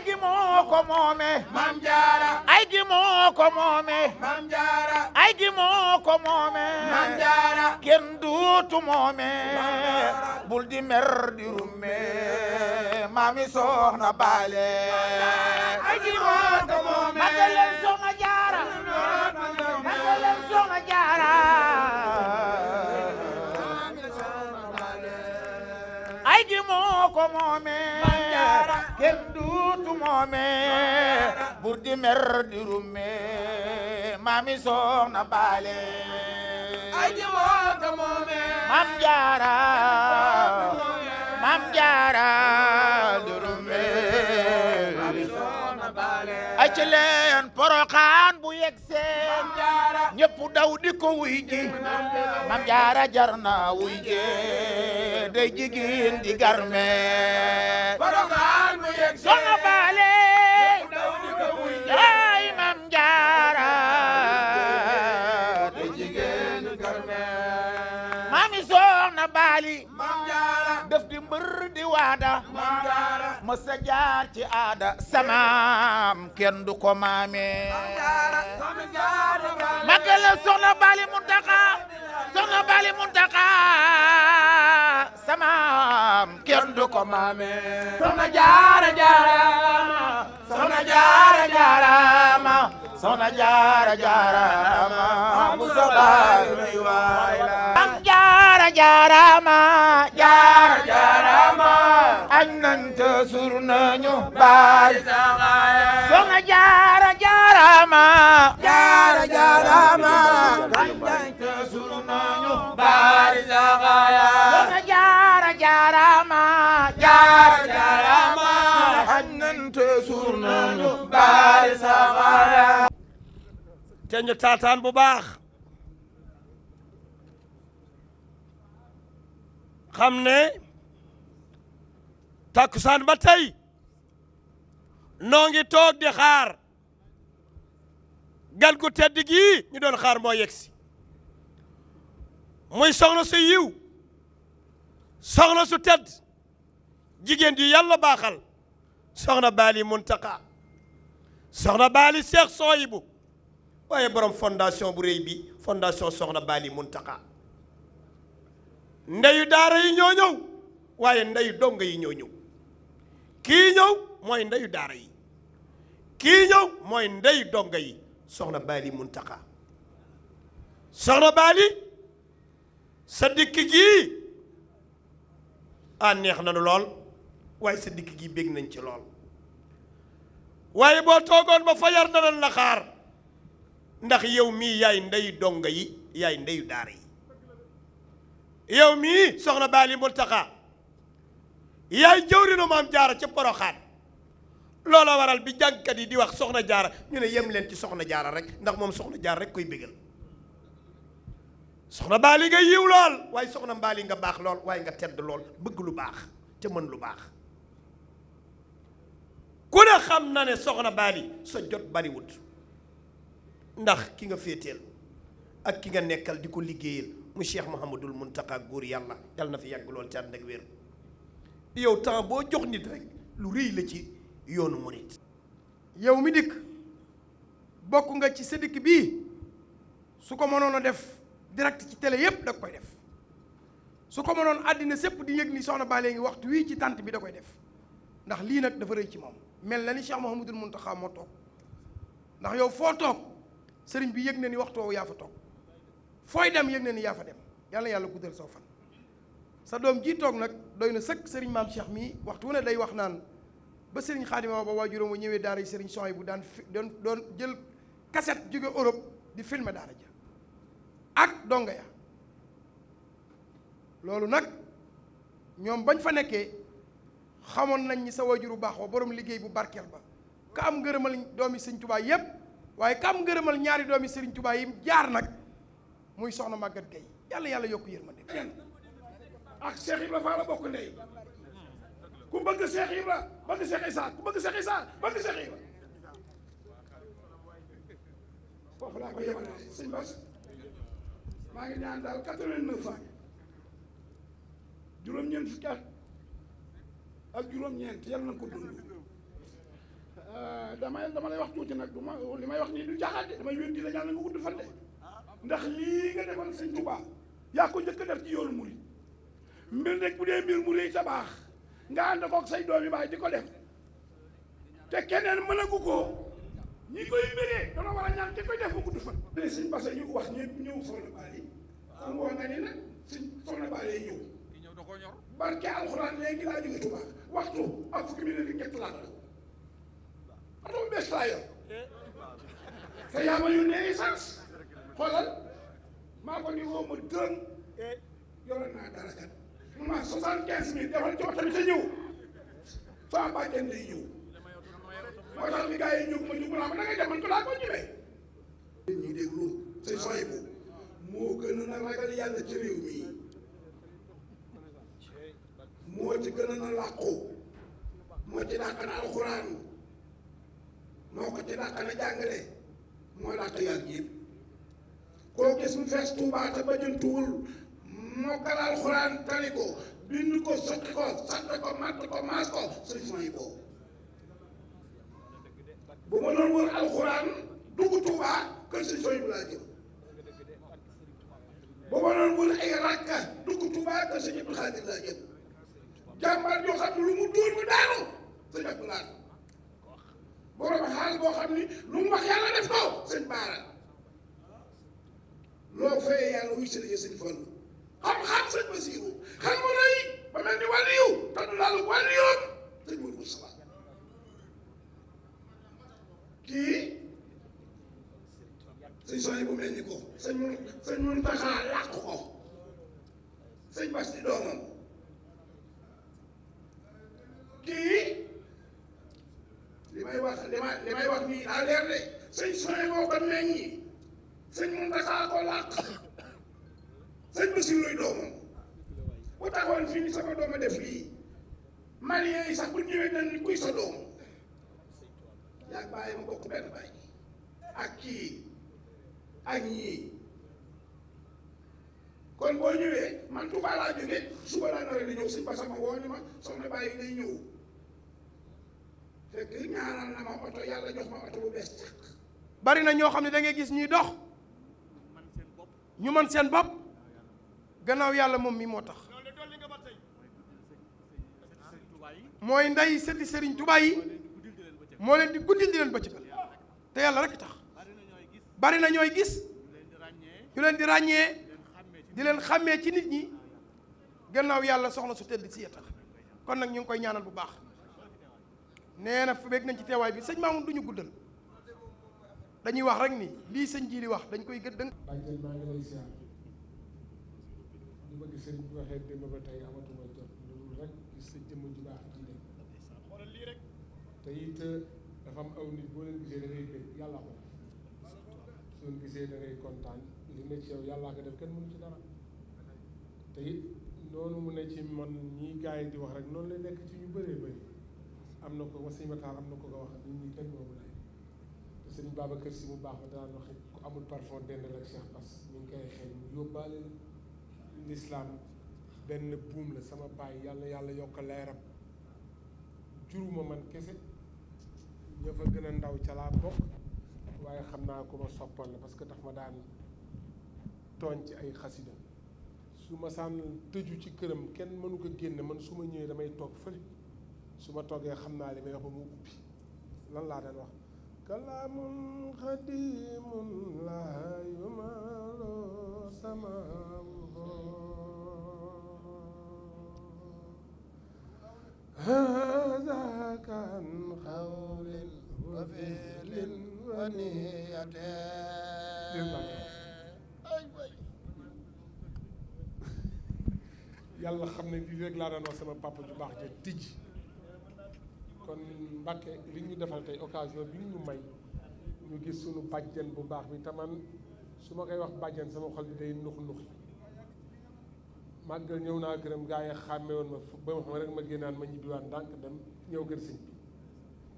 ay gi moo ko moome mam jaara ay gi moo ko moome mam jaara kenn duutu moome bul di mer di rumme mami soxna baale ay gi moo ko moome magalel soxna jaara magalel soxna jaara ay moo ko moomee kenn duutu moomee bur mer di rummee maami jaara maam jaara di rummee wàcc bu yegg seen ñëpp daw di ko mam jaara jar na day jigéen di garme poroxaan bu yegg seen mbër di waada mësa jaar ci aada samaam kenn du ko maame magala soxna bali muntaka soxna bali muntaka samaam kenn du ko maame soxna jaara jaara soxna jaara jaara ma soxna jaara jaara ma bu sa baay jaarama jaar jaarama añ nañ te sur nañu baay soxna jaara jaarama jaara jaarama añ nañ te sur nañu baay soxna jaara jaarama jaara jaarama añ nañ te sur nañu baay soxna te ñu taataan bu baax xam ne takkusaan ba tey noo ngi toog di xaar gan gu tedd ñu doon xaar moo yegg si muy soxna su yiw soxna su tedd jigéen ji yàlla baaxal soxna baali muntaka soxna baali seex sooyibu waaye borom fondation bu rëy bi fondation soxna baali muntaka ndeyu daara yi ñoo ñëw waaye ndeyu dongo yi ñoo ñëw kii ñëw mooy ndeyu daara yi kii ñëw mooy ndeyu dongo yi soxna Baali Muntaka soxna Baali sa dikk gii a ah, neex nanu lool waaye sa dikk gii bég nañ ci lool waaye boo toogoon ba fajar danañ la xaar ndax yow mii yaay ndeyu dongo yi yaay ndeyu daara yi yow mii soxna Baali Multaxa yaay jëwrinu maam jaara ca poroxaan loola waral bi jàngkat yi di wax soxna jaara ñu ne yem leen ci soxna jaara rek ndax moom soxna jaara rek koy bégal soxna Baali nga yiw lool waaye soxna Baali nga baax lool waaye nga tedd lool bëgg lu baax te mën lu baax ku ne xam na ne soxna Baali sa jot bariwut ndax ki nga féeteel ak ki nga nekkal di ko liggéeyal mu Cheikh Mouhamadul Mountakha góor yàlla yàlla na fi yàgg lool ca ànd ak wér yow temps boo jox nit rek lu rëy la ci yoonu murit yow mi dikk bokk nga ci sa dikk bi su ko mënoon a def direct ci télé yépp da koy def su ko mënoon àddina sépp di yëg ni soxna Bale ngi waxtu wii ci tànt bi da koy def ndax lii nag dafa rëy ci moom mel na ni Cheikh Mouhamadul Mountakha moo toog ndax yow foo toog sëriñ bi yëg na ni waxtoo yaa fa toog fooy dem yëg na ni yaa fa dem yàlla yàlla guddal soo fan sa doom jii toog nag doy na sëkk sëriñ maam Cheikh mii waxtu wu ne day wax naan ba sëriñ xaadima ba waajuróom a ñëwee daara yi sëriñ soxay bu daan fi doon doon jël kaset jóge Europe di filmer daara ja ak donga ya loolu nag ñoom bañ fa nekkee xamoon nañ ni sa waajuru baax wa borom liggéey bu barkeel ba ka am ngërëmal doomi sëriñ Tuubaa yépp waaye ka am ngërëmal ñaari doom sëriñ Tuubaa yi jaar nag muy soxna màgget Gueye yàlla yàlla yokk yërmande kenn ak Cheikh Ibra Fall la bokk ndey ku bëgg Cheikh Ibra bëgg Cheikh Issa ku bëgg Cheikh Issa foofu laa ko yemal sëñ Bass maa ngi ñaan daal quatre-vingt-neuf juróom-ñeent fukki at ak juróom-ñeent yàlla na ko dund euh, damay dama lay wax tuuti nag li may wax nii du jaaxaate damay wér di la yàlla nga gudd fan de ndax lii nga defoon sëñ Tuubaa yaa ko njëkk a def ci yoonu murit mbir rek bu dee mbir mu rëy sa baax nga ànd kook say doom yi baay di ko def te keneen mën a ko ñi koy béree dana war a ñaan te koy def mu gudd fan léegi sëñ Basa ñu wax ñëpp ñëw soxna Bali mu wax nga ni nag sëñ soxna Bali ñëw barke alxuraan léegi laa jóge Tuubaa waxtu ak fukki laa ko atom bees laa yor te yaa xoolal maa ko ni woo eh. moo gën a na ragal yàlla ci réew mi moo ci gën a na làqu moo ci dàq na alxuraan moo ko ci dàq na jàngale moo dàq yàlla yëpp koo gis mu fees Tuuba te bajantuwul mokkal alxuraan tari ko bind ko sotti ko sant ko matt ko maas ko sëñ Suhaybu boo bu ma wër alxuraan dugg Tuuba kër sëñ Suhaybu laa jëm bu ma wër ay rakka dugg Tuuba kër sëñ Abdul Xaadir laa jëm jàmbaar joo xam ne lu mu dóor mu daanu sëñ Abdul Xaadir borom xaal boo xam ni lu mu wax yàlla def ko sëñ Baara loo fayee yàlla wuy sëriñ sëñ Fallu xam-xam sëñ Basiiru xel mu rëy ba mel ni wàllu yiw te du laal wàllu yoon sëñ Moodu kii sëñ sooy bu mel ni ko sëñ mu sëñ mu ko sëñ Bas di doomam kii li may wax li may wax nii daa leer de sëñ sooy boo ko meññi sëñ Muntaxa ko làq sëñ Basiru lay doomam bu taxoon fii ni sama dooma def lii malien yi sax bu ñëwee nañ ni kuy sa doom yaa bàyyi ma bokk benn bàyyi ak kii ak ñii kon boo ñëwee man Tuubaa jóge suba laa nare di ñëw sëñ Basa ma woo ni ma soxna bàyyi day ñëw fekk ñaanal na ma oto yàlla jox ma oto bu bees càq bari na ñoo xam ne dangay ngay gis ñuy dox ñu man seen bopp gannaaw yàlla moom mi moo tax mooy ndey sëti sëriñ Tuubaa yi moo leen di guddil di leen bëccëgal te yàlla rek tax bari na ñooy gis ñu leen di ràññee di leen xàmmee ci nit ñi gannaaw yàlla soxna su tedd si ya kon nag ñu ngi koy ñaanal bu baax nee na fu beeg nañ ci teewaay bi sëñ Mamoun duñu ñu guddal dañuy wax rek ni lii sëñ ji li wax dañ koy gën dëng bàjjen maa ngi lay ziar ñu bëgg sëriñ bi waxee démb ba tey amatuma jot loolu rek gis sa jëmm ju baax ji de xoolal lii rek te it eh, dafa am aw nit boo leen gisee da bëgg yàlla ko su leen gisee da kontaan li ne ci yow yàllaa ko def kenn mënu ci dara te it noonu mu ne ci man ñii gars yi di wax rek noonu lay nekk ci ñu bëree bëri am na ko ma sëñ am na ko ko wax nit ñi kenn moomu lay sëriñ Babacar si bu baax ma daan waxe ku amul parfum dendal ak Cheikh Bass ñu ngi koy xëy mu yóbbaale lislaam benn buum la sama baay yàlla yàlla yokk leeram juruma man kese ña fa gën a ndaw ca laa bokk waaye xam naa ku ma soppoon la parce que daf ma daan tooñ ci ay xasida su ma sànn tëju ci këram kenn mënu ko génne man su ma ñëwee damay toog fa su ma toogee xam naa li may wax ba mu lan laa daan wax كلام قديم لا يمال سماؤه هذا كان قول وفعل ونية yàlla xam ne lii rek laa daan wax sama papa ju baax ja tij kon Mbàkke li ñu defal tey occasion bi ñu may ñu gis suñu bàjjen bu baax bi taman su ma koy wax bàjjen sama xol bi day nux nux màggal ñëw naa këram gaa yi xàmme woon ma ba ma xam rek ma génnaan ma ñibbiwaat ndànk dem ñëw kër sëñ bi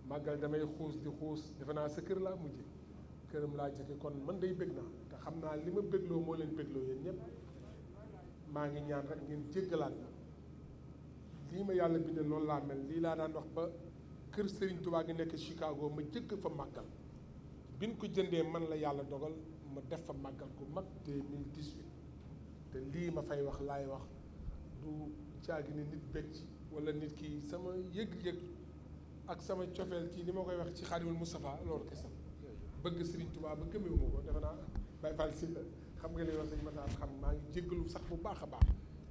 màggal damay xuus defe naa sa kër laa laa jëkke kon man day bëgg naa te xam naa li ma bëggloo moo leen bëggloo yéen ñëpp maa ngi ñaan rek ngeen jéggalaat lii ma yàlla bindee noonu laa mel lii laa daan wax ba kër Serigne Touba gi nekk Chicago ma jëkk fa màggal bi ñu ko jëndee man la yàlla dogal ma def fa màggal gu mag 2018 te lii ma fay wax laay wax du caagi ni nit becc wala nit ki sama yëg-yëg ak sama cofeel ci li ma koy wax ci Xaadimul Moustapha loolu kese bëgg Serigne Touba ba gëmewuma ko defe naa Baye Fall si xam nga li wax sëñ Matar xam maa ngi jéggalu sax bu baax a baax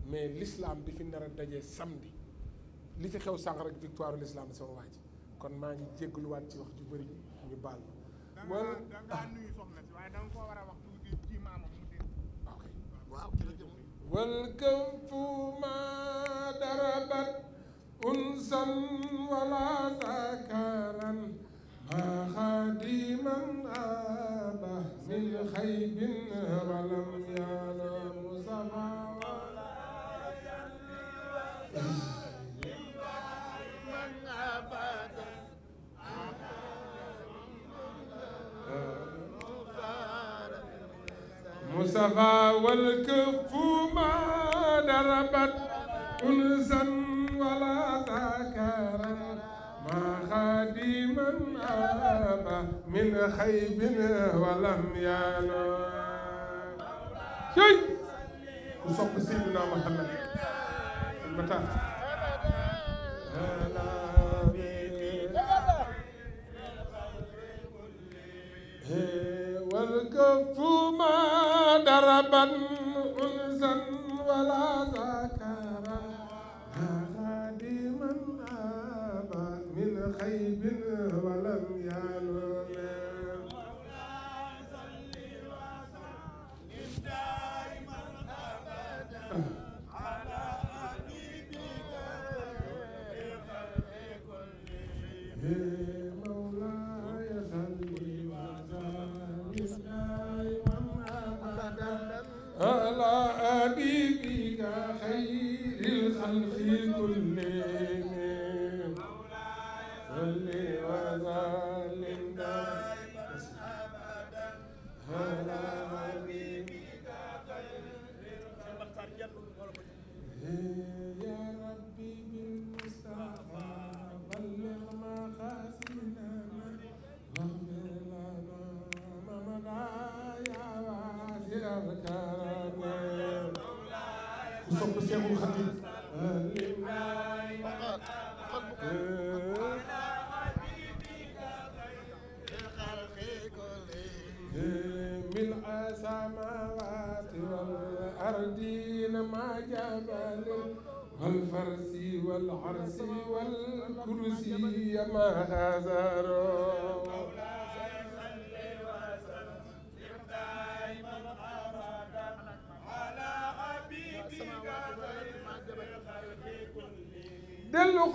mais l'islam bi fi nar a dajee samedi li fi xew sànq rek victoire l'islam sama waa ji kon maa ngi jégaluwaat ci wax ju bëri ñu baal ma. wal kawfu ma darabat unsan wala sakaran ma xadiman aba min xaybin المصطفى والكف ما دربت أنسا ولا ذكرا ما خادما أبى من خيب ولم ينم شيء وصف سيدنا محمد المتاع والكف ما من أنسا ولا زال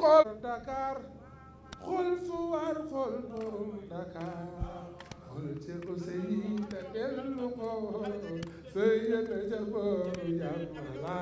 xool Dakar xool fu war xool borom Dakar xool Ceerno Seyda dellu xool Seyda ja borom Yàlla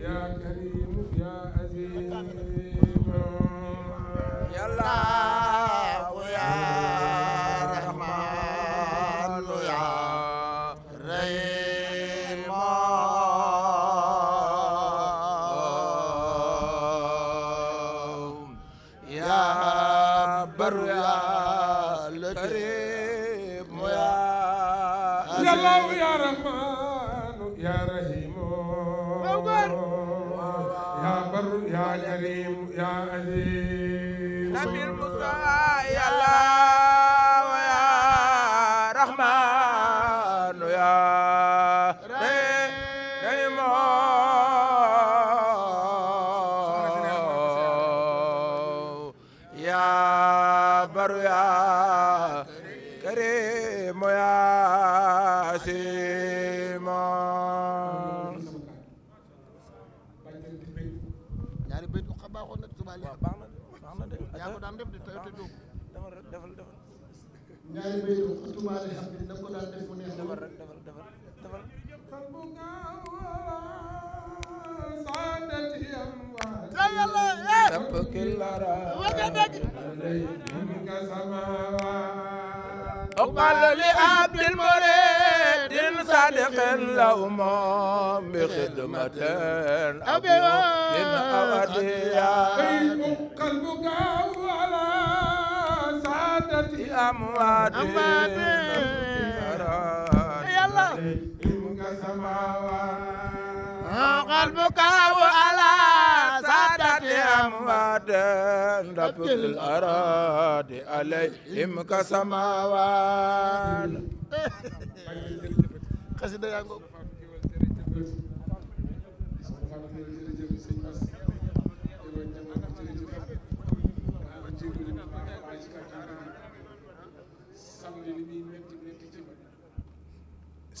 يا كريم يا عزيز يلا daan def de tey te doo ko defal defal defal ñaari mbay doon ku tubaale xam ne danga ko daan def mu neex defal rek defal defal defal أقبل لعبد المريد صادق لهم بخدمة أبي وإن أوديا قلبك في أموات يلا قلبك على سادة أموات رب الأراضي عليهم كسماوات قصيدة يا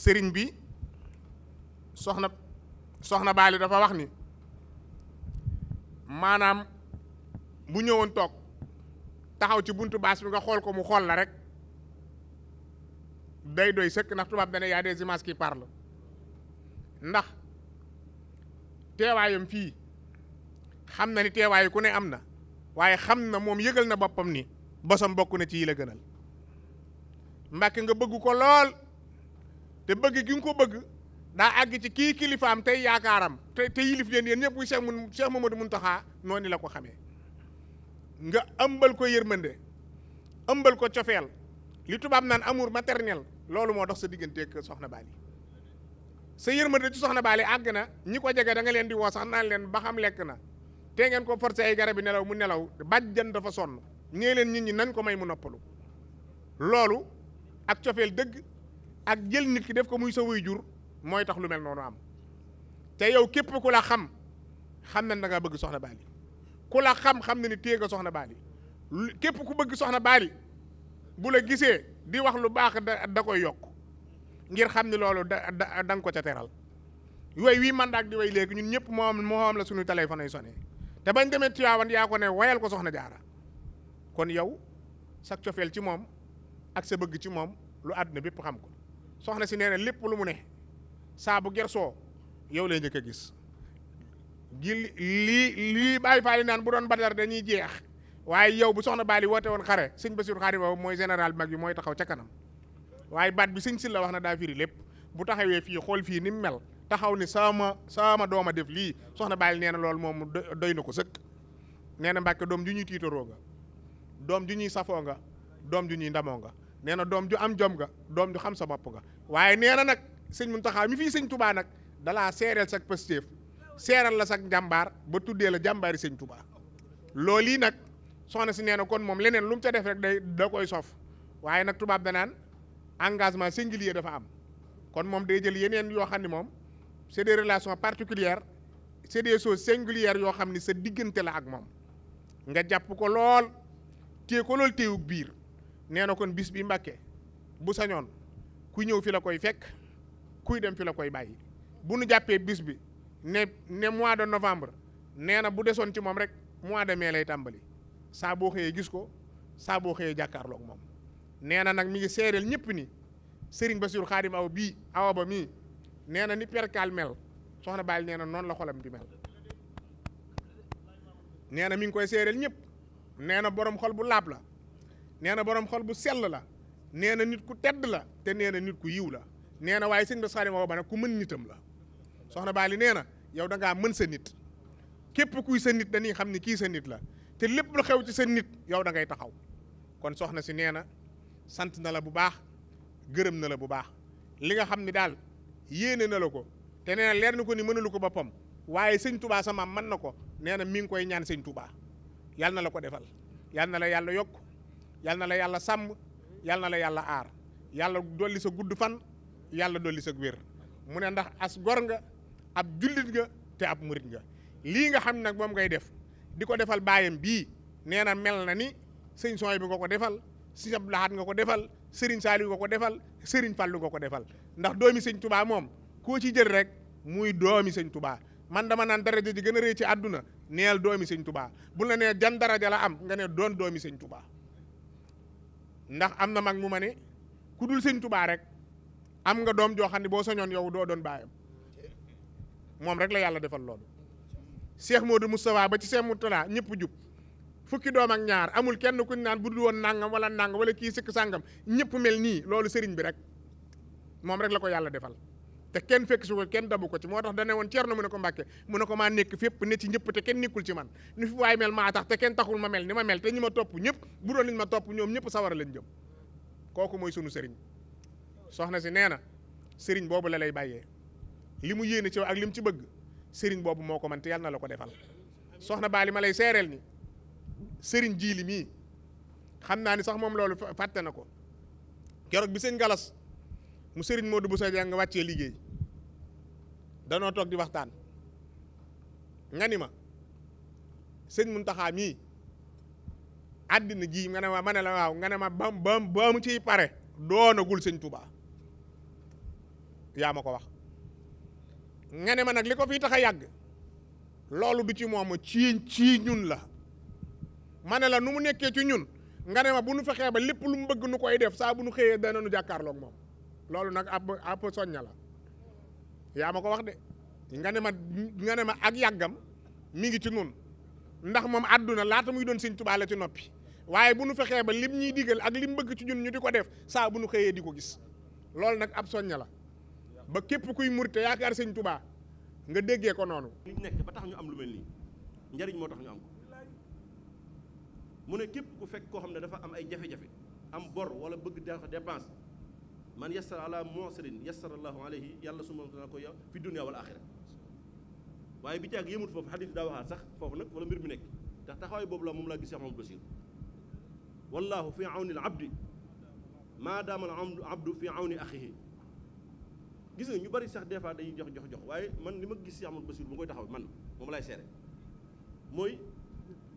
sëriñ bi soxna soxna baali dafa wax ni maanaam bu ñëwoon toog taxaw ci buntu baas bi nga xool ko mu xool la rek day doy sëkk ndax tubaab dane yaa des images qui parlent ndax teewaayam fii xam na ni teewaayu ku ne am na waaye xam na moom yëgal na boppam ni bosam bokk na ci yi la gënal mbàkke nga bëgg ko lool te bëgg gi nga ko bëgg daa àgg ci kii kilifaam tey yaakaaram te te yilif leen yen ñëpp muy Cheikh mun Cheikh Mamadou Muntaxa noonu la ko xamee nga ëmbal ko yërmande ëmbal ko cofeel li tubaab naan amour maternel loolu moo dox sa digganteeg soxna Bali sa yërmande ci soxna Bali àgg na ñi ko jege da nga leen di woo sax naan leen ba xam lekk na te ngeen ko forcé ay garab yi nelaw mu nelaw jën dafa sonn ñee leen nit ñi nañ ko may mu noppalu loolu ak cofeel dëgg ak jël nit ki def ko muy sa jur mooy tax lu mel noonu am te yow képp ku la xam xam na naga bëgg soxna Bali ku xam xam na ni téye nga soxna Bali képp ku bëgg soxna Bali bu la gisee di wax lu baax da da koy yokk ngir xam ni loolu da da nga ko ca teral yooyu wii man daak di way léegi ñun ñëpp moom moom la suñu téléphone yi sonné te bañ demee Tiwaawan yaa ko ne wayal ko soxna jaara kon yow sa cofeel ci moom ak sa bëgg ci moom lu àdduna bépp xam ko soxna si nee na lépp lu mu ne saabu bu gersoo yow lay njëkk a gis gi lii lii bàyyi faali naan bu doon badar dañuy jeex waaye yow bu soxna baali woote woon xare sëñ Basiru xaari boobu mooy général bi mag yi mooy taxaw ca kanam waaye baat bi sëñ si la wax na daa firi lépp bu taxawee fii xool fii ni mu mel taxaw ni sama sama dooma def lii soxna baali nee na loolu moom doy na ko sëkk nee na mbàkke doom ju ñuy tiitaroo nga doom ju ñuy safoo nga doom ju ñuy ndamoo nga nee na doom ju am jom nga doom ju xam sa bopp nga waaye nee na nag sëñ taxaa mi fii sëñ Tubaa nag dalaa seereel sak pëstéef seeral la sak jàmbaar ba tuddee la jàmbaari sëñ Tubaa loolu yi nag soxna si nee na kon moom leneen lu mu ca def rek day da koy sof waaye nag tubaab danaan engagement singulier dafa am kon moom day jël yeneen yoo xam ne moom c'est des relations particulières c'est des choses singulières yoo xam ni sa diggante la ak moom nga jàpp ko lool téye ko lool téewug biir nee na kon bis bi Mbàkke bu sañoon kuy ñëw fi la koy fekk kuy dem fi la koy bàyyi bu nu jàppee bis bi ne ne mois de novembre nee na bu desoon ci moom rek mois de mai lay tàmbali saaboo xëyee gis ko saaboo xëyee jàkkaarlook moom nee na nag mi ngi seereel ñëpp ni Serigne Bassirou Khadim aw bii awa ba mii nee na ni perkaal mel soxna Baal nee na noonu la xolam bi mel nee na mi ngi koy seereel ñëpp nee na borom xol bu laab la nee na borom xol bu sell la nee na nit ku tedd la te nee na nit ku yiw la nee na waaye sëñ ba saari moo ba ku mën nitam la soxna Baali nee na yow da mën sa nit képp kuy sa nit dañuy xam ni kii sa nit la te lépp lu xew ci sa nit yow dangay taxaw kon soxna si nee na sant na la bu baax gërëm na la bu baax li nga xam ni daal yéene na la ko te nee na leer na ko ni mënalu ko boppam waaye sëñ tubaa sama maam mën na ko nee na mi ngi koy ñaan sëñ tubaa yàlla na la ko defal yàlla na la yàlla yokk yal na la yàlla sàmm yàlla la yàlla aar yàlla dolli sa gudd fan yàlla dolli sa wér mu ne ndax as gor nga ab jullit nga te ab murit nga lii nga xam nag moom ngay def di ko defal baayam bii nee na mel na ni sëñ sooy bi nga ko defal sëñ Abdou Lahad nga ko defal sëriñ Saaliw nga ko defal sëriñ Fallu nga ko defal ndax doomi sëñ tubaa moom koo ci jël rek muy doomi sëñ tubaa man dama naan daraja ji gën a rëy ci àdduna neel doomi sëñ tubaa bu la nee jan daraja la am nga ne doon doomi sëñ tubaa ndax am na mag mu ma ku dul sëñ tubaa rek am nga doom joo xam ne boo soñoon yow doo doon baayam moom rek la yàlla defal loolu Cheikh sa Moustapha ba ci Cheikh Moutala ñëpp jub fukki doom ak ñaar amul kenn kuñ naan bu dul woon nàngam wala nangam wala kii sikk sàngam ñëpp mel nii loolu sëriñ bi rek moom rek la ko yàlla defal te kenn fekk su ko kenn dabu ko ci moo tax dane woon Cerno mu ne ko Mbàkke mu ne ko maa nekk fépp ne ci ñëpp te kenn nekkul ci man nu fi waay mel maa tax te kenn taxul ma mel ni ma mel te ñi ma topp ñëpp bu doon liñ ma topp ñoom ñëpp sawara lañ kooku mooy sunu sëriñ soxna si nee na sëriñ boobu la lay bàyyee li mu yéene ci ak li ci bëgg sëriñ boobu moo ko man te yàlla na la ko defal soxna baali ma lay seereel ni sëriñ jiili mii xam naa ni sax moom loolu fàtte na ko keroog bi sëñ galas mu sëriñ Modou Bousso Dieng nga wàccee liggéey danoo toog di waxtaan nga ni ma sëñ Muntaxa mii àddina ji nga ne ma mane ne la waaw nga ne ma bam ba ba mu ciy pare doonagul sëñ Tuubaa yaa ma ko wax nga ne ma nag li ko fii tax a yàgg loolu du ci moom ci ci ñun la ma ne la nu mu nekkee ci ñun nga ne ma bu nu fexee ba lépp lu mu bëgg nu koy def saa bu nu xëyee dana nu jàkkaarloog moom loolu nag ab ab soñña la yaa ma ko wax de nga ne ma nga ne ma ak yàggam mi ngi ci nun ndax moom àdduna laata muy doon sëñ Tuubaa ci noppi waaye bu nu fexee ba lim ñuy digal ak lim bëgg ci ñun ñu di ko def saa bu nu xëyee di ko gis loolu nag ab soñña la ba képp kuy murit te yaakaar sëñ Tuubaa nga déggee ko noonu. li ñu am lu mel nii njariñ moo tax ñu am ko mu ne képp ku fekk koo xam ne dafa am ay jafe-jafe am bor wala bëgg dafa dépense. man yassara ala mu'sirin yassara allahu alayhi yàlla su ma ko yow fi dunya wal axira waaye bi caag yëmut foofu xadis daa waxaat sax foofu nag wala mbir mi nekk ndax taxawaay boobu la moom laa gis Cheikh Mahamadou Bachir wallahu fi awni al abdi maa daama al abdu fi awni axihi gis nga ñu bari sax des fois dañuy jox jox jox waaye man li ma gis Cheikh Mahamadou Bachir bu koy taxaw man moom lay seere mooy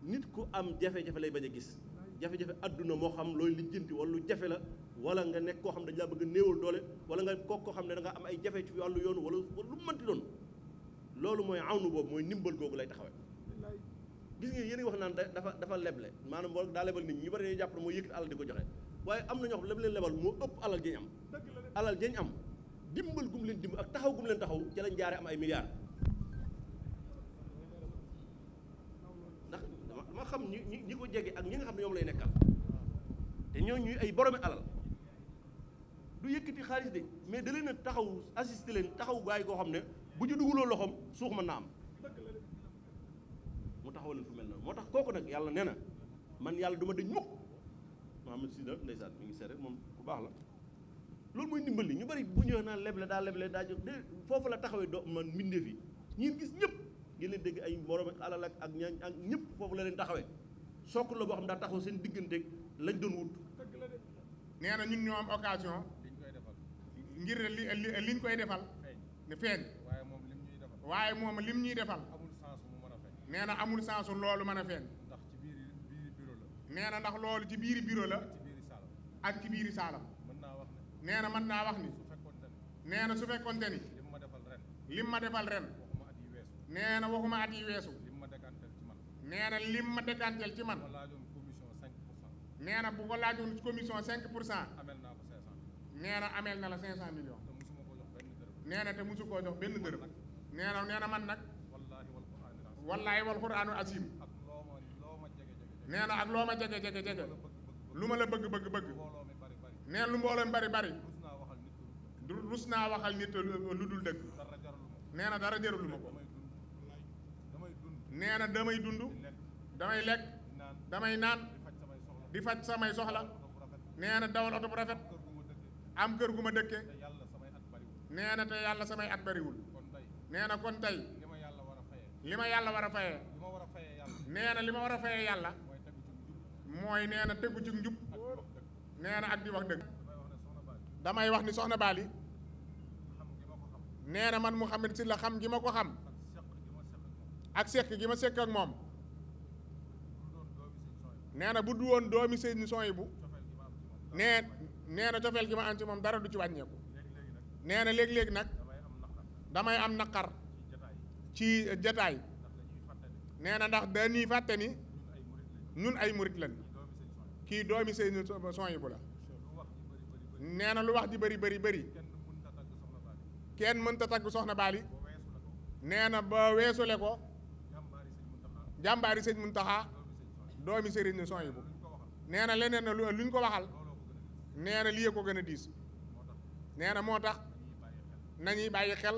nit ku am jafe-jafe lay bañ a gis jafe-jafe adduna moo xam looy lijjanti wala lu jafe la wala nga nekk koo xam ne dañ laa bëgg doole wala nga kooku koo xam ne da am ay jafe ci wàllu yoon wala lu mënti doon loolu mooy awnu boobu mooy ndimbal googu lay taxawee gis nga yéen wax naan dafa dafa leble maanaam boo daa lebal nit ñi ñu bari dañuy jàpp ne mooy yëkkati alal di ko joxe waaye am na ñoo xam ne leen lebal moo ëpp alal jañ am alal jañ am dimbal gum leen dimbal ak taxaw gum leen taxaw ci lañ jaare am ay milliards ndax dama xam ñi ñi ko jege ak ñi nga xam ne ñoom lay nekkal te ñoo ñuy ay boromi alal du yëkkati xaalis de mais da leen taxaw assisté leen taxaw gaay koo xam ne bu ñu dugguloo loxoom suux mën naa am mu taxaw leen fu mel noonu moo tax kooku nag yàlla nee na man yàlla du ma dëñ mukk Mouhamed Sida ndeysaan mi ngi seet rek moom ku baax la loolu mooy ndimbali ñu bari bu ñëwee naan leble daa leble daa jóg de foofu la taxawee doo man mbindeef yi ñiin gis ñëpp ngeen leen dégg ay morom ak alal ak ñaañ ak ñëpp foofu la leen taxawee sook la boo xam daa taxaw seen digganteeg lañ doon wut nee na ñun ñoo am occasion ngir li li liñ koy defal. ne feeñ. waaye moom lim ñuy defal. waaye moom lim ñuy defal. amul sens a feeñ. nee na amul sens loolu man a feeñ. ndax ci biir biir bureau ndax loolu ci biir bureau la. ak ci biir saalam. ak ci biir saalam. mën naa wax naa wax ni. su na su fekkoonte ni. lim ma defal ren. lim ma defal ren. waxuma at yi weesu. nee na waxuma at yi weesu. lim ma dekanteel ci man. nee na lim ma dekanteel ci man. nee na bu ko laajoon commission 5 pour cent. nee na bu pour cent. nee na ameel na la 500 millions. nee na te mosu koo jox benn dërëm. nee na man nag. wallaahi wal quraanu asim. nee ak loo ma jege jege lu ma la bëgg bëgg bëgg. nee lu mbooloo mi bari bari. rus naa waxal nit lu dul dëgg. nee na dara jëralu ma ko. damay dund. damay lekk. damay naan. di faj samay soxla. nee dawal oto am kër gu ma dëkke nee na te yàlla samay at bariwul nee na kon tey li ma yàlla war a fayee nee na li ma war a fayee yàlla mooy nee na tegu ci njub nee ak di wax dëgg damay wax ni soxna Bali nee na man Mouhamed Sylla xam gi ma ko xam ak sekk gi ma sekk ak moom nee na bu du woon doomi Sëriñ Souhaïbou nee nee na cofeel gi ma am ci moom dara du ci wàññeeku nee na léeg-léeg nag damay am naqar ci jataay nee na ndax dañuy fàtte ni ñun ay murit lañ kii doomi seen son yi bu la nee na lu wax ji bëri bëri bëri kenn mënta tagg soxna Baali nee na ba weesule ko jàmbaari sëñ Muntaxa doomi sëriñ son yi bu nee na leneen na lu luñ ko waxal nee na lii ko gën a diis nee moo tax nañuy bàyyi xel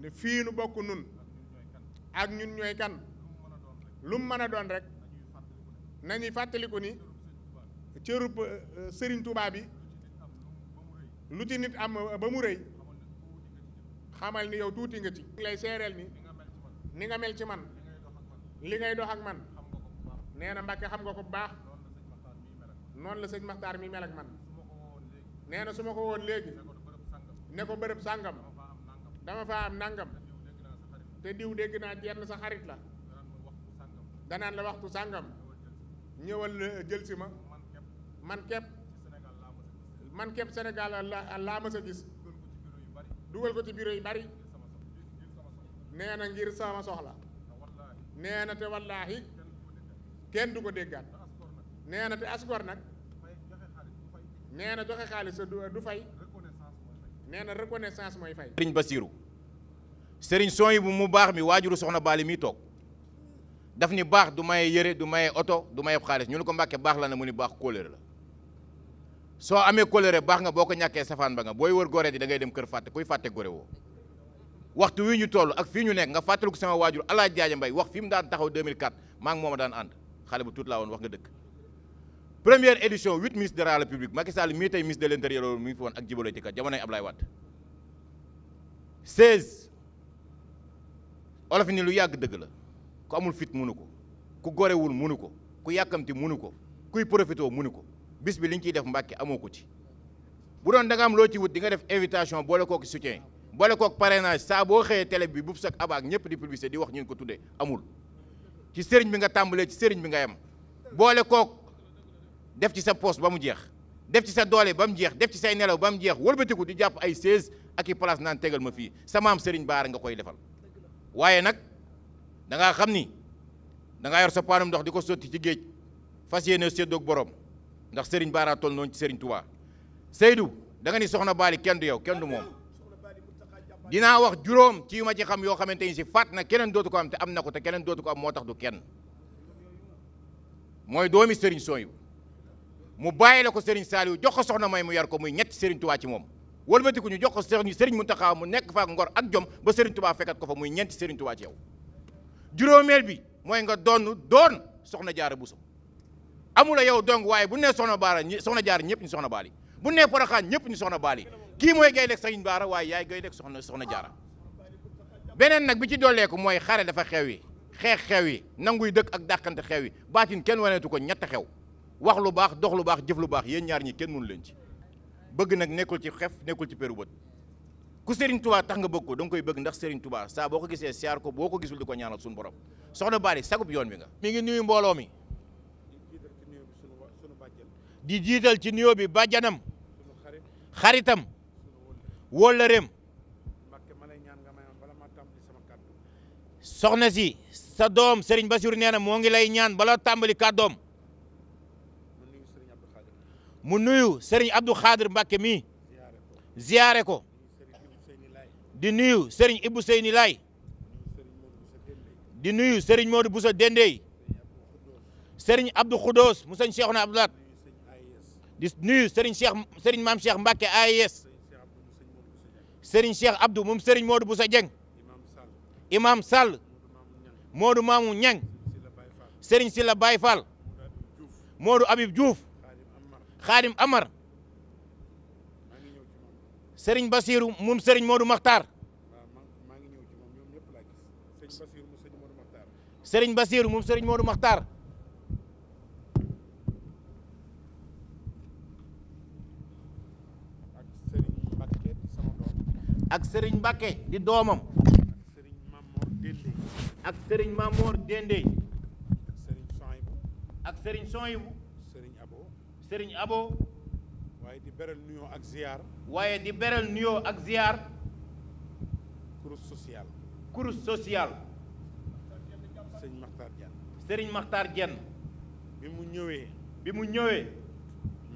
ne fii nu bokk nun ak ñun ñooy kan lu mu mën a doon rek nañuy fàttaliku ni cërub euh, euh, sëriñ Tuubaa bi lu ci nit am euh, ba mu rëy xamal ni yow tuuti nga ci lay seereel ni ni nga mel ci man li ngay dox ak man nee na xam nga ko bu baax noonu la sëñ Maxtaar mi mel ak man nee na su ma ko woon léegi ne ko bërëb sàngam dama faa am nangam te diw dégg naa jenn sa xarit la danaan la waxtu sàngam ñëwal jël si ma man képp man képp Sénégal laa ma sa gis dugal ko ci bureau yu bari nee na ngir sama soxla nee te wallaahi kenn du ko déggaat nee na te asgor nag nee na joxe xaalis du fay. nee na reconnaissance mooy fay. Serigne Bassirou Serigne sooy bu mu baax mi waajuru soxna Baali mi toog daf ni baax du maye yëre du maye oto du maye xaalis ñu ne ko mbàkke baax la na mu ni baax kóllëre la soo amee kóllëre baax nga boo ko ñàkkee safaan ba nga booy wër gore di da ngay dem kër fàtte kuy fàtte gore woo waxtu wi ñu toll ak fii ñu nekk nga fàttaliku sama waajur alaaj jaaja mbay wax fi mu daan taxaw 2004 maa ngi daan ànd xale bu tuut laa woon wax nga dëkk première édition huit ministres de la république Macky mii tey ministre de l' intérieur loolu mu ngi fi woon ak Djibo Leyti Ka jamonoy Ablaye Wade seize olof ni lu yàgg dëgg la amul fit munu ko ku gorewul munu ko ku yàkkamti munu ko kuy profité munu ko bis bi li ñu ciy def mbàkke amoo ko ci bu doon da am loo ci wut di nga def invitation boole kooku soutien boole kook parrainage saa boo xëyee télé bi bu sak abaak ñëpp di publicité di wax ñu ko tuddee amul ci sëriñ bi nga tàmbalee ci sëriñ bi nga yem def ci sa poste ba mu jeex def ci sa doole ba mu jeex def ci say nelaw ba mu jeex wëlbatiku di jàpp ay seize ak i place naan tegal ma fii sa maam Serigne Baara nga koy defal waaye nag da xam ni danga yor sa paanum ndox di ko sotti ci géej fas yéene séddoog borom ndax sëriñ Baara toll noonu ci Serigne Touba Seydou da nga ni soxna Baali kenn du yow kenn du moom dinaa wax juróom ci yu ma ci xam yoo xamante ni si faat na keneen dootu ko am te am na ko te keneen dootu am moo tax du kenn mooy doomi Serigne Sooyu mu bàyyi la ko Serigne Saliou jox ko soxna may mu yar ko muy ñetti Serigne Touba ci moom wëlbatiku ñu jox ko Serigne Serigne Mountakha mu nekk fa ak ngor ak jom ba Serigne Touba fekkat ko fa muy ñeenti Serigne Touba ci yow juróomeel bi mooy nga doon doon soxna jaara Bousso amula yow dong waaye bu ne soxna baara soxna jaara ñëpp ñu soxna baali bu ne Porokhane ñëpp ñu soxna baali kii mooy gay lekk Serigne Baara waaye yaay gay lekk soxna soxna jaara beneen nag bi ci dolleeku mooy xare dafa xew yi xeex xew yi nanguy dëkk ak dàqante xew yi baatin kenn waneetu ko ñett xew wax lu baax dox lu baax jëf lu baax yéen ñaar ñi kenn mënu leen ci bëgg nag nekkul ci xef nekkul ci péru bët ku Serigne Touba tax nga bëgg ko da koy bëgg ndax Serigne Touba saa boo ko gisee siyaar ko boo ko gisul di ko ñaanal suñu borom soxna Bally sagub yoon bi nga mi ngi nuyu mbooloo mi di jiital ci nuyoo bi bàjjanam xaritam wóllëreem soxna si sa doom Serigne Bassirou nee na moo ngi lay ñaan bala tàmbali kaa doom mu nuyu sëriñ Abdou Khadir mbakke mi ziyaare ko di nuyu sëriñ Ibou Seyni Laay di nuyu sëriñ Modou Boussa Dendey sëriñ Abdou Khoudoos mu sëñ Cheikhouna Abdou Lahat di nuyu sëriñ Cheikh sëriñ maam Cheikh Mbacke AES sëriñ Cheikh Abdou moom sëriñ Modou Boussa Dieng imam Sall Modou Mamou Ñang sëriñ Silla Baye Fall Modou Habib xaadim amar sëriñ basiru mun sëriñ moodu maxtaar sëriñ basiru moom seriñ moodu maxtaar ak sëriñ Mbacke di doomam ak sëriñ Mamor Dende sëriñ Abo. waaye di beral nuyoo ak ziar. waaye di beral nuyoo ak ziar. course sociale. course sociale. Serigne Makhtar Diène. Serigne Makhtar bi mu ñëwee. bi mu ñëwee.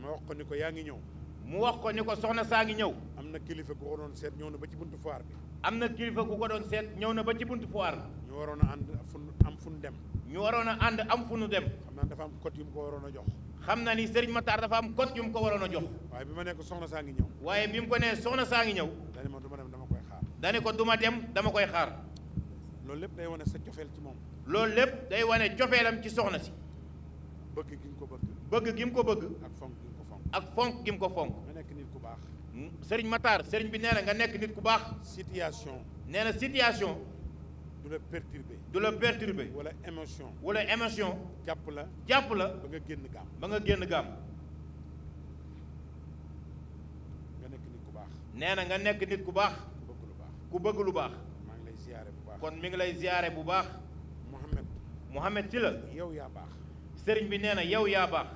ma wax ko ni ko yaa ngi ñëw. mu wax ko ni ko soxna saa ngi ñëw. am na kilifa ku ko doon seet ñëw na ba ci buntu foire bi. am na kilifa ku ko ñëw na ba ci buntu foire bi. ñu waroon a ànd am fu nu dem. ñu waroon a ànd am fu nu dem. xam naa dafa am code yu mu ko waroon a jox. xam na ni Serigne Matar dafa am code yu mu ko waroon a jox. waaye bi ma nekk soxna saa ngi ñëw. waaye bi mu ko nee soxna saa ngi ñëw. dane ma duma dem dama koy xaar. dane ko duma dem dama koy xaar. loolu lépp day wane sa cofeel ci moom. loolu lépp day wane cofeelam ci soxna si. bëgg gi mu ko bëgg. bëgg ko bëgg. ak fonk gi mu ko fonk. ak fonk gi mu ko fonk. nga nekk nit ku baax. Hmm? ma taar Serigne bi nee nga nekk nit ku baax. situation. nee na situation. du la perturbé. du la perturbé. wala émotion. wala émotion. jàpp la. jàpp la ba nga génn gaam. ba nga génn gaam. nga nekk nit ku baax. nee na nga nekk nit ku baax. ku bëgg lu baax. ku kon mi lay ziyaare bu baax. Mouhamed. Mouhamed si la. yow yaa baax. sëriñ bi nee na yow yaa baax.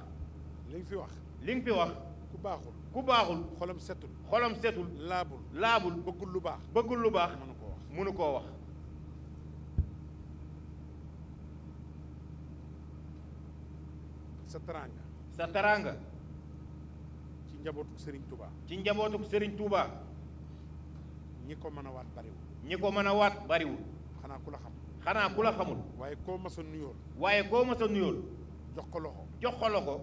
li nga fi wax. li nga fi wax. ku baaxul. ku baaxul. xolam setul. xolam setul. laabul. laabul bëggul lu baax. bëggul lu baax. mënu koo ko mënu koo wax. sa teraanga. sa teraanga. ci njabootu Serigne Touba. ci njabootu Serigne Touba. ñi ko mën a waat bariwul. ñi ko mën a waat bariwul. xanaa ku la xam. xanaa ku la xamul. waaye koo ma sa nuyool. waaye koo ma sa nuyool. jox ko loxo. jox ko loxo.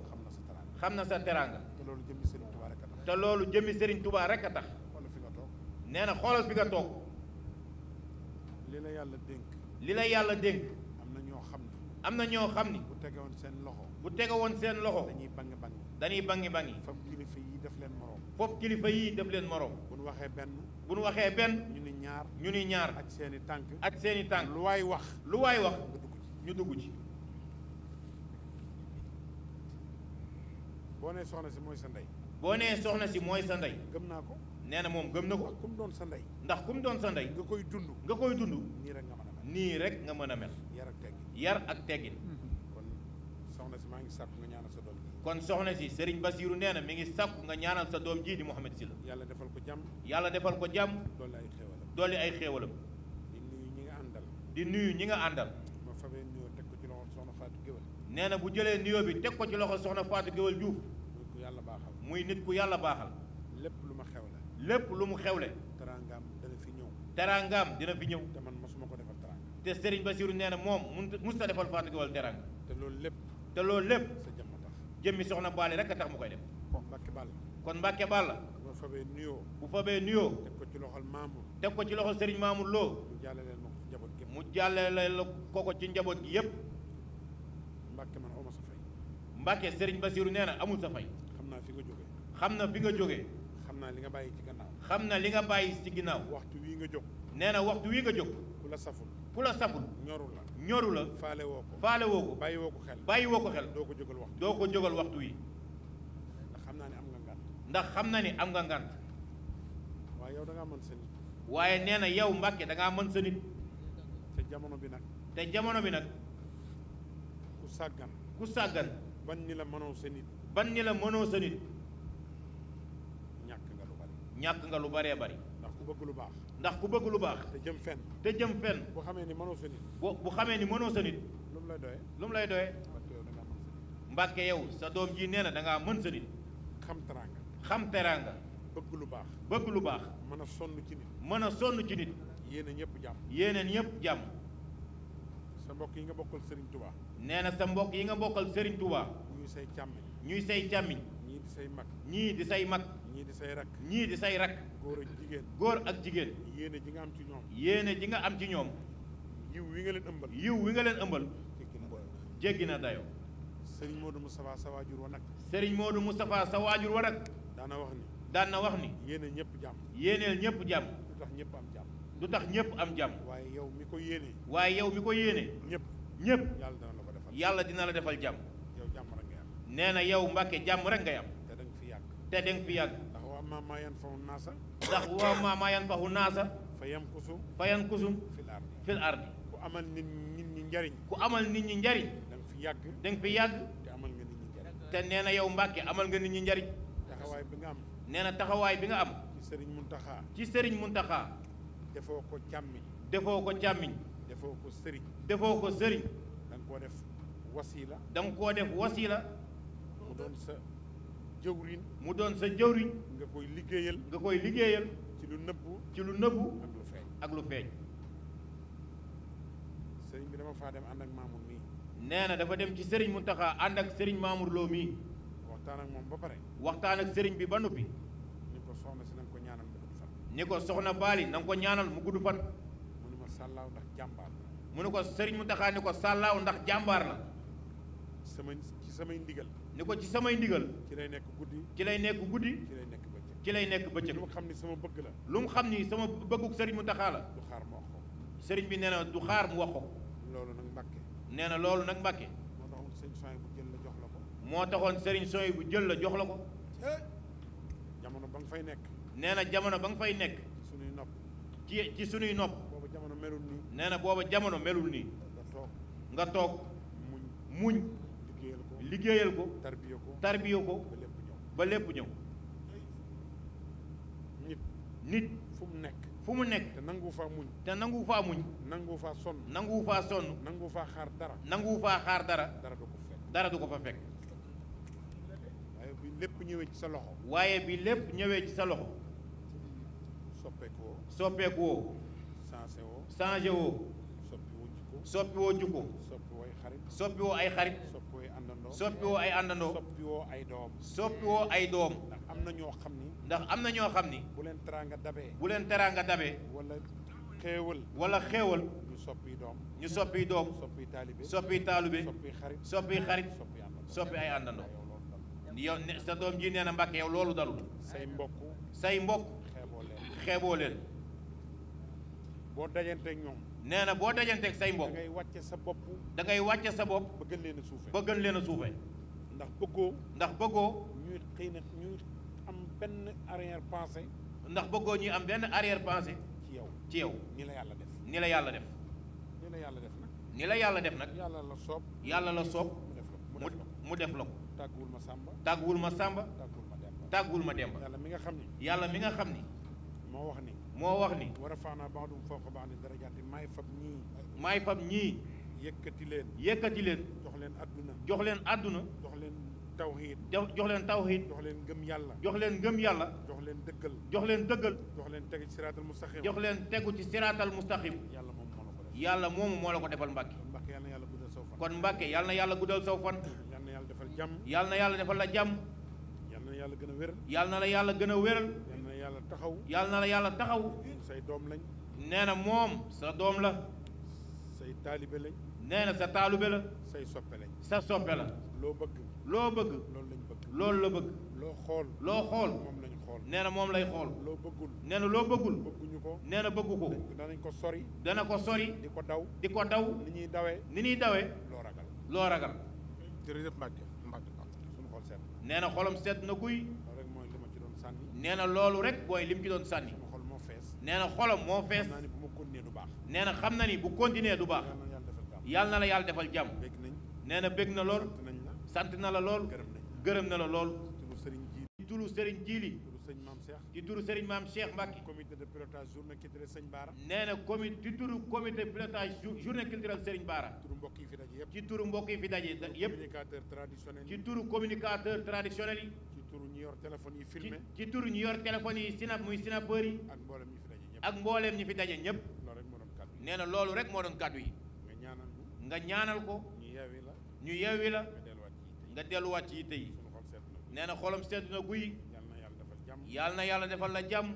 xam na sa teraanga. te loolu jëmmi Serigne Touba rek a tax. te loolu jëmmi Serigne Touba rek a tax. xoolal fi nga toog. nee na xoolal fi nga toog. li la yàlla dénk. li la yàlla dénk. am na ñoo xam ne. am na ñoo xam ne. bu tegewoon seen loxo. bu tege seen loxo. dañuy bangi bangi. dañuy bangi bangi. foofu kilifa yi def leen morom. foofu kilifa yi def leen moroom bu nu waxee benn. bu nu waxee benn. ñu ni ñaar. ñu ni ñaar. ak seeni tànk. ak seen i lu waay wax. lu waay wax ñu dugg ci. boo nee soxna si mooy sa ndey. boo nee soxna si mooy sa ndey. gëm naa ko. nee na moom gëm na ko. kum doon sa ndey. ndax kum doon sa ndey. nga koy dund. nga koy dund. nii rek nii rek nga mën a mel. yar ak teggin. yar ak teggin. Bass maa ngi sàkku sa doom ji. kon soxna si Serigne Bassirou nee na ngi sàkku nga ñaanal sa doom ji di Mouhamed Sylla. yàlla defal ko jàmm. yàlla defal ko jàmm. dolli ay xéewalam di nuyu ñi nga àndal. di nuyu ñi nga àndal. ma fabee nuyoo teg ko ci loxo soxna Fatou Géwal. nee na bu jëlee nuyoo bi teg ko ci loxo soxna Fatou Géwal Diouf. muy ku yàlla baaxal. muy nit ku yàlla baaxal. lépp lu ma xewle. lépp lu mu xewle. teraangaam dina fi ñëw. teraangaam dina fi ñëw. te man mosuma ko defal teraanga. te Serigne Bassirou na moom mun musta defal Fatou Géwal teraanga te loolu lépp jëmmi soxna Baali rek a tax mu koy def kon Mbàkke Bàll bu fabee nuyoo bu fabee nuyoo teg ko ci loxol Mamour teg ko ci loxol Serigne Mamour loo mu jàllaleel ma ko ci njaboot gi mu jàllaleel ko ci njaboot gi yépp Mbàkke man awma sa fay Mbàkke Serigne Basiru nee na amul sa fay xam naa fi nga jógee xam na fi nga jógee xam naa li nga bàyyi ci gannaaw xam naa li nga bàyyi ci ginnaaw waxtu wii nga jóg nee na waxtu wii nga jóg ku la saful ku la saful ñorul la ñoru la faale woo ko faale woo ko bàyyi woo ko xel bàyyi woo ko xel doo ko jógal waxtu doo ko jógal ndax xam naa ne am nga ngànt ndax xam na ni am nga ngànt waaye yow da ngaa mën waaye nee na yow Mbàkke da ngaa mën sa te jamono bi nag te jamono bi nag ku sàggan ku sàggan ban ni la mënoo sa ban ni la mënoo sa nit ñàkk nga lu bari ñàkk nga lu baree bari ndax ku bëgg lu baax ndax ku bëgg lu baax. te jëm fenn. te jëm fenn. bu xamee ni mënoo sa nit. bu bu xamee ni mënoo sa nit. lu mu lay doyee. lu lay doyee. mbàkke yow sa doom ji nee na dangaa mën sa nit. xam teraanga. xam teraanga. bëgg lu baax. bëgg lu baax. mën a sonn ci nit. mën a sonn ci nit. yéene ñëpp jàmm. yéene ñëpp jàmm. sa mbokk yi nga bokkal sëriñ Touba. nee na sa mbokk yi nga bokkal Serigne Touba. ñuy say càmmiñ. ñuy say càmmiñ. ñii di say mag. ñii di say mag. ñii di say rakk. ñii di say rakk. góor ak jigéen góor ak jigéen. yéene ji nga am ci ñoom. yéene ji nga am ci ñoom. yiw wi nga leen ëmbal. yiw wi nga leen ëmbal. jéggi na dayoo. Serigne Modou Moustapha sa waajur wa nag. Serigne Modou Moustapha sa waajur wa nag. daan na wax ni. daan na wax ni. yéeneel ñëpp jàmm. yéeneel ñëpp jàmm. du tax ñëpp am jàmm. du ñëpp am jàmm. waaye yow mi ko yéene. waaye yow mi ko yéene. ñëpp ñëpp. yàlla dina la defal yàlla dina la defal jàmm. yow jàmm nee na yow Mbàkke jàmm rek ngay am. te fi yàgg. maa ما ينفع الناس ndax واما ما ينفع الناس فيمكث فينكث في الارض في الارض ku amal nit ñi njariñ ku amal nit ñi njariñ danga fi yàgg danga fi yàgg amal nga nit ñi njariñ te nee na yow Mbàkke amal nga nit ñi njariñ taxawaay bi nga am nee na taxawaay bi nga am ci Sëriñ Muntaxa ci Sëriñ Muntaxa defoo ko càmmiñ defoo ko càmmiñ defoo ko sëriñ defoo ko sëriñ danga koo def wasiila danga koo def wasiila mu jëwriñ mu doon sa jëwriñ nga koy liggéeyal nga koy liggéeyal ci lu nëbbu ci lu nëbbu ak lu feeñ ak bi dama faa dem ànd ak Mamour mii nee na dafa dem ci sëriñ Mountakha ànd ak sëriñ Mamour Lo mii waxtaan ak moom ba pare waxtaan ak sëriñ bi ba noppi ni ko soxna si nanga ko ñaanal mu gudd fan ni ko soxna Baali na nga ko ñaanal mu gudd fan mu ne ma sàllaaw ndax jàmbaar mu ne ko sëriñ Mountakha ni ko sàllaaw ndax jàmbaar la sama ci samay ndigal ni ko ci samay ndigal. ci lay nekk guddi. ci lay nekk guddi. ci lay nekk bëccëg. ci lay nekk bëccëg. lu mu xam ni sama bëgg la. lu mu xam ni sama bëggug sëriñ mu Mountakha la. du xaar mu wax ko. sëriñ bi nee na du xaar mu wax ko. loolu nag Mbàkke. nee na loolu nag Mbàkke. moo taxoon sëriñ Sooy bu jël la jox la ko. jamono ba nga fay nekk. nee na jamono ba nga fay nekk. sunuy nopp. ci ci sunuy nopp. booba jamono melul nii. nee na booba jamono melul nii. nga toog nga toog muñ. liggéeyal ko tarbiyo ko tarbiyo ba lépp ñëw nit nit fu mu nekk fu mu nekk te nangu faa muñ te nangu faa muñ nangu faa sonn nangu faa sonn nangu faa xaar dara nangu faa xaar dara dara du ko fekk dara du ko fa fekk waaye bi lépp ñëwee ci sa loxo waaye bi lépp ñëwee ci sa loxo soppeekoo soppeekoo changé woo changé woo soppi woo jikko ay xarit soppi ay xarit soppiwoo ay àndandoo soppiwoo ay doom soppiwoo ay doom ndax am na ñoo xam ni ndax am na ñoo xam ni bu leen teraanga dabee bu leen teraanga dabee wala xéewal wala xéewal ñu soppi doom ñu soppi doom soppi taalibe soppi taalibe soppi xarit soppi xarit soppi ay àndandoo sa doom ji nee na Mbàkke loolu dalul say mbokk say mbokk xeeboo leen xeeboo leen boo dajanteeg ñoom nee na boo dajanteeg say mbokk da ngay wàcce sa bopp. da ngay sa bopp. ba gën leen a suufee ba gën a suufee. ndax bëggoo. ndax bëggoo. ñuy xëy na ñuy am benn arrière pensée. ndax bëggoo ñuy am benn arrière pensée. ci yow ci yow. ni la yàlla def ni la yàlla def. yàlla def nag. yàlla def nag. yàlla la soob. yàlla la soob. mu def la ko mu def tàgguwul ma sàmba. tàgguwul ma sàmba. tàgguwul ma demba. yàlla mi nga xam ni. yàlla mi nga xam ni. moo wax ni. moo wax ni. war a faax naa baax du foo ko baax ni darajaati maay fab ñii. maay fab ñii. yëkkati leen. yëkkati leen. jox leen adduna. jox leen adduna. jox leen tawxiid. jox leen tawxiid. jox leen ngëm yàlla. jox leen ngëm yàlla. jox leen dëggal. jox leen dëggal. jox leen tegu ci siraatal mustaqim. jox leen tegu ci siraatal mustaqim. yàlla moom moo la ko defal yàlla moomu moo la ko defal Mbàkke. kon Mbàkke yàlla na yàlla guddal saw fan. yàlla na yàlla defal jàmm. yàlla na yàlla defal la jàmm. yàlla na yàlla gën a wéral. yàlla na la yàlla gën a wéral. yàlla taxaw. yàlla na la yàlla taxaw. say doom lañ. nee na moom sa doom la. say taalibe lañ. nee na sa taalibe la. say soppe lañ. sa soppe la. loo bëgg. loo bëgg. loolu lañ bëgg. loolu la bëgg. loo xool. loo xool. moom lañ xool. nee na moom lay xool. loo bëggul. nee na loo bëggul. bëgguñu ko. nee na bëggu ko. danañ ko sori. dana ko sori. di ko daw. di ko daw. ni ñuy dawee. ni ñuy dawee. loo ragal. loo ragal. jërëjëf Mbacke Mbacke. suñu xol sedd. nee na xolam sedd na kuy. sànni nee na loolu rek mooy lim ci doon sànni xol moo fees nee na xolam moo fees nee na xam na ni bu continuer du baax yàlla na la yàlla defal jàmm nee na bég na lool sant na la lool gërëm na la lool ci turu Serigne Djili ci turu Serigne Maam Cheikh Mbacke comité de pilotage journée culturelle Serigne Bara ci turu comité de yi fi ci turu communicateur traditionnel yi turu ñu yor téléphone yi filmé ci turu ñu yor téléphone yi sinap muy sinapeur yi ak mbooleem ñi fi daje ñëpp ak mbooleem ñi fi loolu rek moo doon kàddu nee na loolu rek moo doon kàddu yi nga ñaanal ko nga ñaanal ko ñu yeewi la ñu yeewi la nga delluwaat ci yitte yi nee na xolam sedd na guy yàlla na yàlla defal la jàmm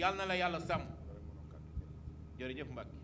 yàlla na la yàlla sàmm jërëjëf Mbacke